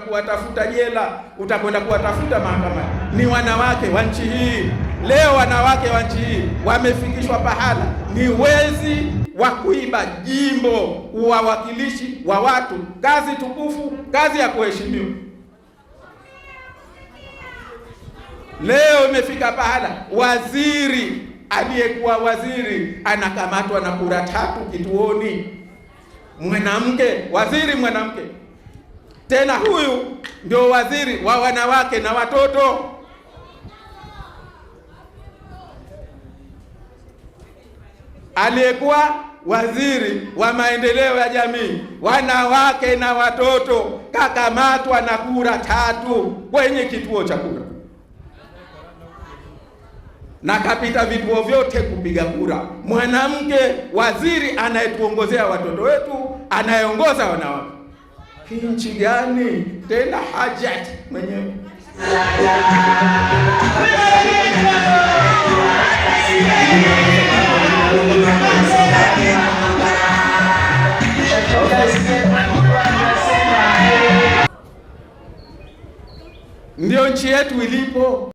kuwatafuta jela, utakwenda kuwatafuta mahakamani. Ni wanawake wa nchi hii leo, wanawake wa nchi hii wamefikishwa pahala ni wezi wa kuiba jimbo, uwawakilishi wa watu, kazi tukufu, kazi ya kuheshimiwa. Leo imefika pahala waziri aliyekuwa waziri anakamatwa na kura tatu kituoni, mwanamke waziri mwanamke tena huyu ndio waziri wa wanawake na watoto. Aliyekuwa waziri wa maendeleo ya jamii, wanawake na watoto kakamatwa na kura tatu kwenye kituo cha kura na kapita vituo vyote kupiga kura. Mwanamke waziri anayetuongozea watoto wetu, anayeongoza wanawake nchi gani tena? Hajat mwenye ndiyo nchi yetu ilipo.